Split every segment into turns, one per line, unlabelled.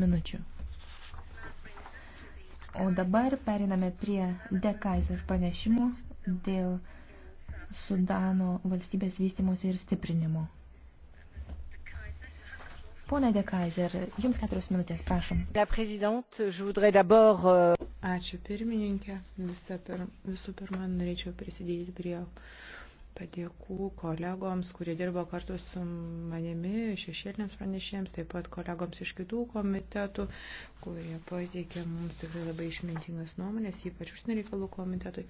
minučių. O dabar periname prie Dekaiser pranešimo dėl Sudano valstybės vystimosi ir stiprinimo. Pone Dekaiser, jums keturios minutės, prašom.
La prezidente, je voudrais d'abord... Euh, Ačiū pirmininkė. Visa pir... Visų pirma, norėčiau prisidėti prie padėkų kolegoms, kurie dirbo kartu su manimi, šešėlėms pranešėjams, taip pat kolegoms iš kitų komitetų, kurie pateikė mums tikrai labai išmintingas nuomonės, ypač užsienio reikalų komitetui.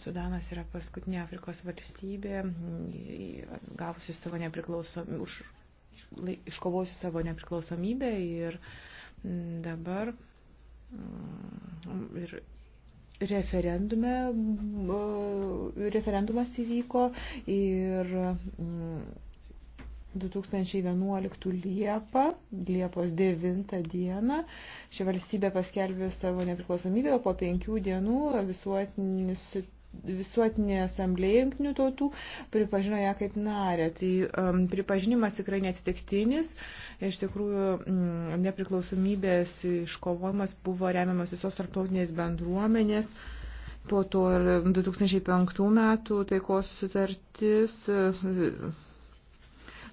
Sudanas yra paskutinė Afrikos valstybė, gavusi savo nepriklausomybę, už, iškovosi savo nepriklausomybę ir dabar ir referendume, e, referendumas įvyko ir 2011 mm, Liepą, Liepos 9 dieną, ši valstybė paskelbė savo nepriklausomybę, o po penkių dienų visuotinis visuotinė asamblėja jungtinių tautų pripažino ją kaip narę. Tai um, pripažinimas tikrai neatsitiktinis. Iš tikrųjų, m, mm, nepriklausomybės iškovojimas buvo remiamas visos tarptautinės bendruomenės. Po to ir 2005 metų taikos sutartis uh,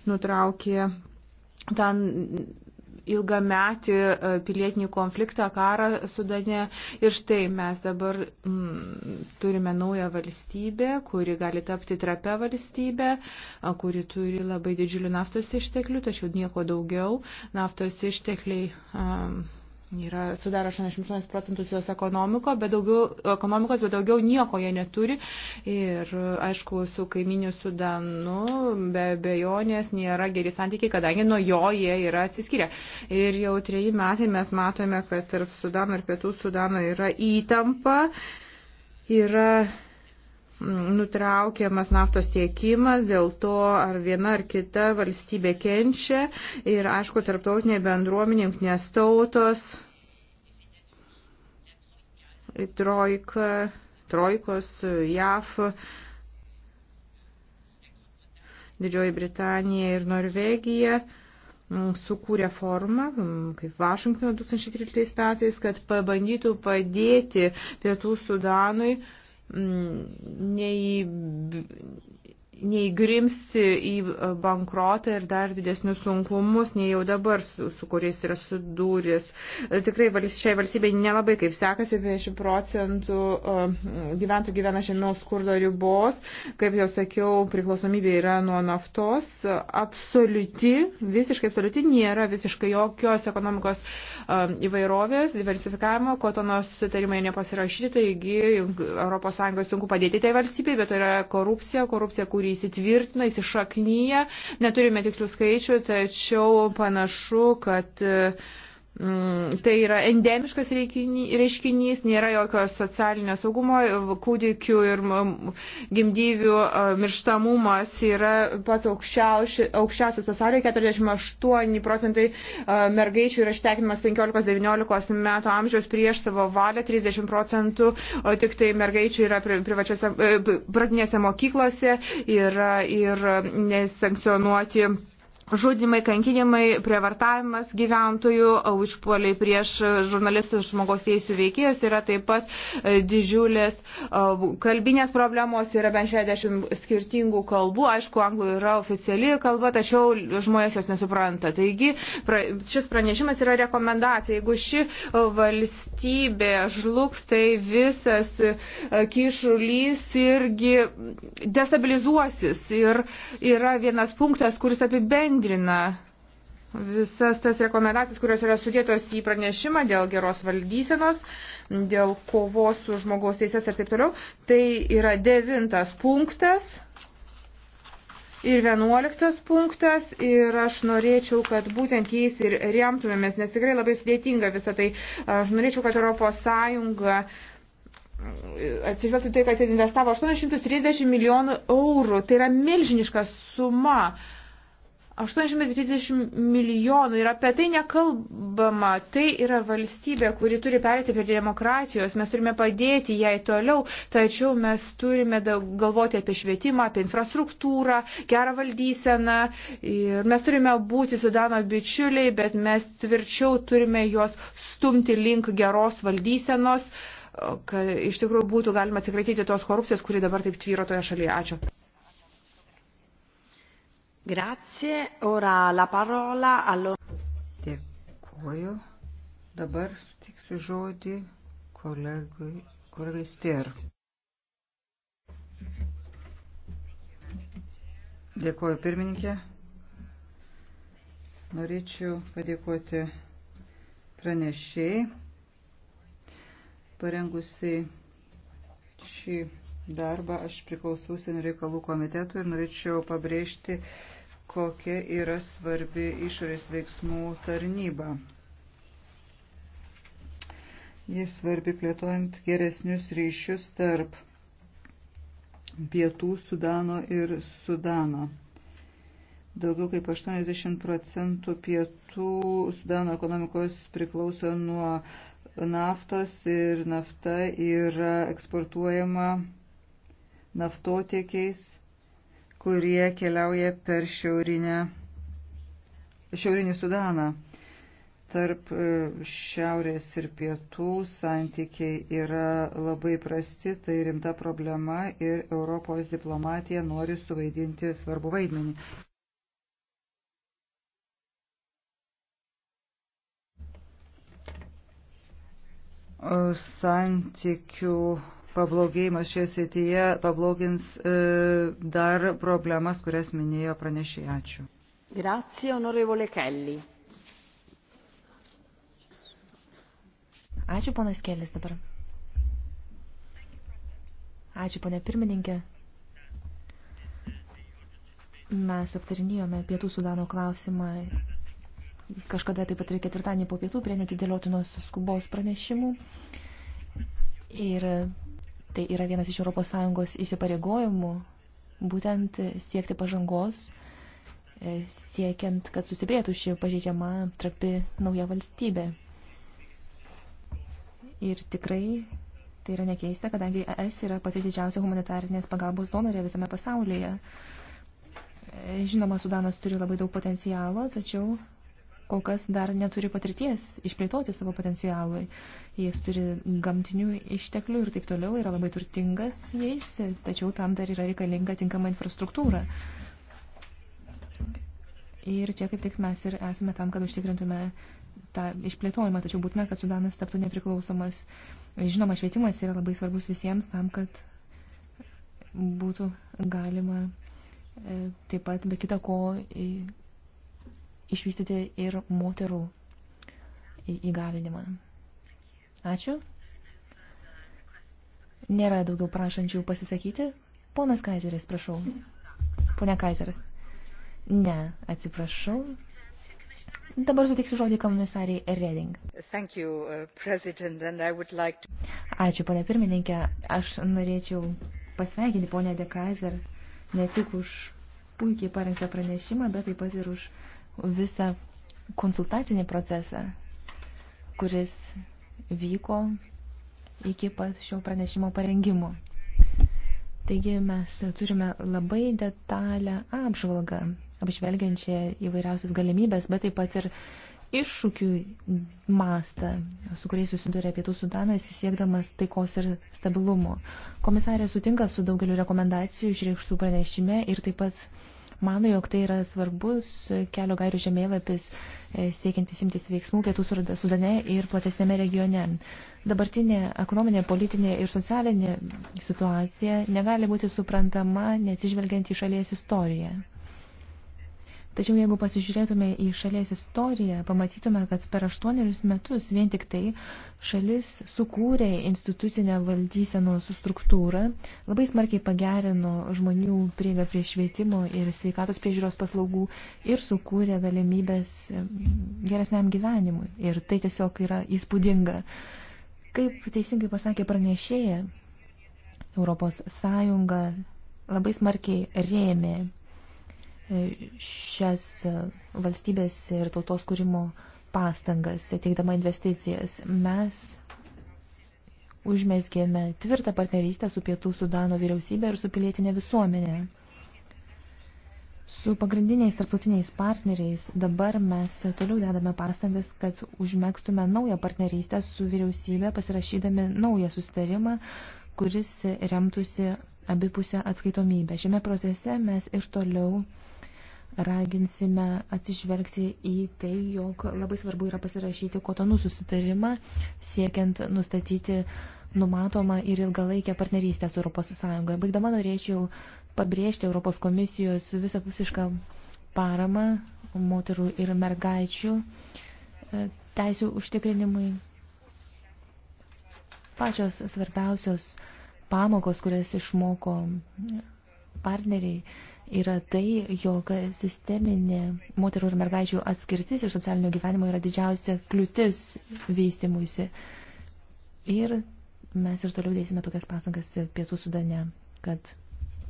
nutraukė ten ilgametį e, pilietinį konfliktą, karą Sudane. Ir štai mes dabar mm, turime naują valstybę, kuri gali tapti trapę valstybę, kuri turi labai didžiulį naftos išteklių, tačiau nieko daugiau. Naftos ištekliai. Mm, yra, sudaro 88 procentus jos ekonomiko, bet daugiau, ekonomikos, bet daugiau nieko jie neturi. Ir aišku, su kaiminiu Sudanu be bejonės nėra geri santykiai, kadangi nuo jo jie yra atsiskyrę. Ir jau treji metai mes matome, kad tarp Sudano ir Pietų Sudano yra įtampa. Yra nutraukiamas naftos tiekimas dėl to, ar viena ar kita valstybė kenčia ir, aišku, tarptautinė bendruomenė, jungtinės tautos, trojka, trojkos, JAF, Didžioji Britanija ir Norvegija mm, sukūrė formą, mm, kaip Vašingtono 2013 metais, kad pabandytų padėti Pietų Sudanui uh, nei neįgrimsi į e, bankrotą ir dar didesnius sunkumus, nei jau dabar, su, su kuriais yra sudūris. E, tikrai šiai valstybei nelabai kaip sekasi, 50 procentų e, gyventojų gyvena žemiau skurdo ribos, kaip jau sakiau, priklausomybė yra nuo naftos, absoliuti, visiškai absoliuti nėra visiškai jokios ekonomikos įvairovės, diversifikavimo, ko to nors tarimai nepasirašyti, taigi ES sunku padėti tai valstybei, bet tai yra korupcija, korupcija, kurį įsitvirtina, įsišaknyja. Neturime tikslių skaičių, tačiau panašu, kad uh, Mm, tai yra endemiškas reiškinys, nėra jokio socialinio saugumo, kūdikių ir mm, gimdyvių mirštamumas yra pats aukščiausias pasaulyje, 48 procentai mergaičių yra štekinimas 15-19 metų amžiaus prieš savo valią, 30 procentų tik tai mergaičių yra privačiose, e, pradinėse mokyklose, yra ir nesankcionuoti žudimai, kankinimai, prievartavimas gyventojų, užpuoliai prieš žurnalistus žmogaus teisų veikėjus yra taip pat e, didžiulės e, kalbinės problemos, yra bent 60 skirtingų kalbų, aišku, anglų yra oficiali kalba, tačiau žmonės jos nesupranta. Taigi pra, šis pranešimas yra rekomendacija. Jeigu ši e, valstybė žlugs, tai visas kišulys irgi destabilizuosis. Ir yra vienas punktas, kuris apibendrina apibendrina visas tas rekomendacijas, kurios yra sudėtos į pranešimą dėl geros valdysenos, dėl kovos su žmogaus teisės ir taip toliau. Tai yra devintas punktas ir vienuoliktas punktas ir aš norėčiau, kad būtent jais ir remtumėmės, nes tikrai labai sudėtinga visą tai. Aš norėčiau, kad Europos Sąjunga mm, atsižvelgti tai, kad investavo 830 milijonų eurų. Tai yra milžiniška suma. Uh, 830 milijonų ir apie tai nekalbama. Tai yra valstybė, kuri turi perėti prie demokratijos. Mes turime padėti jai toliau, tačiau mes turime galvoti apie švietimą, apie infrastruktūrą, gerą valdyseną. Ir mes turime būti Sudano bičiuliai, bet mes tvirčiau turime juos stumti link geros valdysenos, kad iš tikrųjų būtų galima atsikratyti tos korupcijos, kuri dabar taip tvyro toje šalyje. Ačiū. Grazie. Ora la parola allo...
Dėkuoju. Dabar tiksiu žodį kolegui, kolegai Stier. Dėkuoju pirmininkė. Norėčiau padėkoti pranešėjai, parengusiai šį darbą. Aš priklausau Užsienio reikalų komitetui ir norėčiau pabrėžti, kokia yra svarbi išorės veiksmų tarnyba. Jis svarbi plėtojant geresnius ryšius tarp pietų Sudano ir Sudano. Daugiau kaip 80 procentų pietų Sudano ekonomikos priklauso nuo naftos ir nafta yra eksportuojama naftotiekiais, kurie keliauja per šiaurinę, šiaurinį Sudaną. Tarp e, šiaurės ir pietų santykiai yra labai prasti, tai rimta problema ir Europos diplomatija nori suvaidinti svarbu vaidmenį. Santykių pablogėjimas šioje srityje pablogins e, dar problemas, kurias minėjo pranešėjai. Ačiū.
Grazie, onorevole Kelly.
Ačiū, ponas Kelis, dabar. Ačiū, ponė pirmininkė. Mes aptarinėjome pietų sudano klausimą kažkada taip pat ir ketvirtadienį po pietų prie netidėliotinos skubos pranešimų. Ir Tai yra vienas iš ES įsipareigojimų būtent siekti pažangos, e, siekiant, kad sustiprėtų ši pažeidžiama trapi nauja valstybė. Ir tikrai tai yra nekeista, kadangi ES yra pati didžiausia humanitarinės pagalbos donorė visame pasaulyje. E, žinoma, Sudanas turi labai daug potencialo, tačiau kol kas dar neturi patirties išplėtoti savo potencialui. Jis turi gamtinių išteklių ir taip toliau, yra labai turtingas jais, tačiau tam dar yra reikalinga tinkama infrastruktūra. Ir čia kaip tik mes ir esame tam, kad užtikrintume tą išplėtojimą, tačiau būtina, kad Sudanas taptų nepriklausomas. Žinoma, švietimas yra labai svarbus visiems tam, kad būtų galima e, taip pat be kita ko išvystyti ir moterų įgalinimą. Ačiū. Nėra daugiau prašančių pasisakyti. Ponas Kaiseris, prašau. Pone Kaiser. Ne, atsiprašau. Dabar sutiksiu žodį komisariai Reding.
Thank you, uh, President, and I would like to...
Ačiū, ponė pirmininkė. Aš norėčiau pasveikinti ponę De Kaiser ne tik už puikiai parengtą pranešimą, bet taip pat ir už visą konsultacinį procesą, kuris vyko iki pat šio pranešimo parengimo. Taigi mes turime labai detalę apžvalgą, apžvelgiančią įvairiausias galimybės, bet taip pat ir iššūkių mastą, su kuriais susiduria pietų sudanas, siekdamas taikos ir stabilumo. Komisarė sutinka su daugeliu rekomendacijų išreikštų pranešime ir taip pat mano, jog tai yra svarbus kelio gairių žemėlapis e, siekiantis imtis veiksmų pietų sudane ir platesnėme regione. Dabartinė ekonominė, politinė ir socialinė situacija negali būti suprantama, neatsižvelgiant į šalies istoriją. Tačiau jeigu pasižiūrėtume į šalies istoriją, pamatytume, kad per aštuonerius metus vien tik tai šalis sukūrė institucinę valdysenos struktūrą, labai smarkiai pagerino žmonių prieigą prie švietimo ir sveikatos priežiūros paslaugų ir sukūrė galimybės geresniam gyvenimui. Ir tai tiesiog yra įspūdinga. Kaip teisingai pasakė pranešėja, Europos Sąjunga labai smarkiai rėmė E, šias e, valstybės ir tautos kūrimo pastangas, teikdama investicijas. Mes užmesgėme tvirtą partnerystę su Pietų Sudano vyriausybė ir su pilietinė visuomenė. Su pagrindiniais tarptautiniais partneriais dabar mes toliau dedame pastangas, kad užmėgstume naują partnerystę su vyriausybė, pasirašydami naują susitarimą, kuris remtųsi abipusę atskaitomybę. Šiame procese mes ir toliau raginsime atsižvelgti į tai, jog labai svarbu yra pasirašyti kotonų susitarimą, siekiant nustatyti numatomą ir ilgalaikę partnerystę su ES. Baigdama norėčiau pabrėžti Europos komisijos visapusišką paramą moterų ir mergaičių e, teisių užtikrinimui. Pačios svarbiausios pamokos, kurias išmoko partneriai yra tai, jog sisteminė moterų ir mergaičių atskirtis ir socialinio gyvenimo yra didžiausia kliūtis vystimuisi. Ir mes ir toliau dėsime tokias pasangas pietų sudane, kad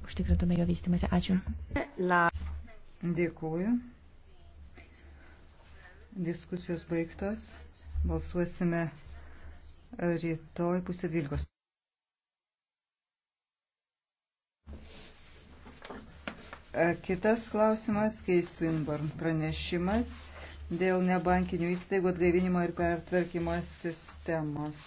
užtikrintume jo vystimąsi. Ačiū.
La. Dėkuoju. Diskusijos baigtos. Balsuosime rytoj pusė dvylikos. E, kitas klausimas, Keis Winborn pranešimas dėl nebankinių įstaigų atgaivinimo ir pertvarkymo sistemos.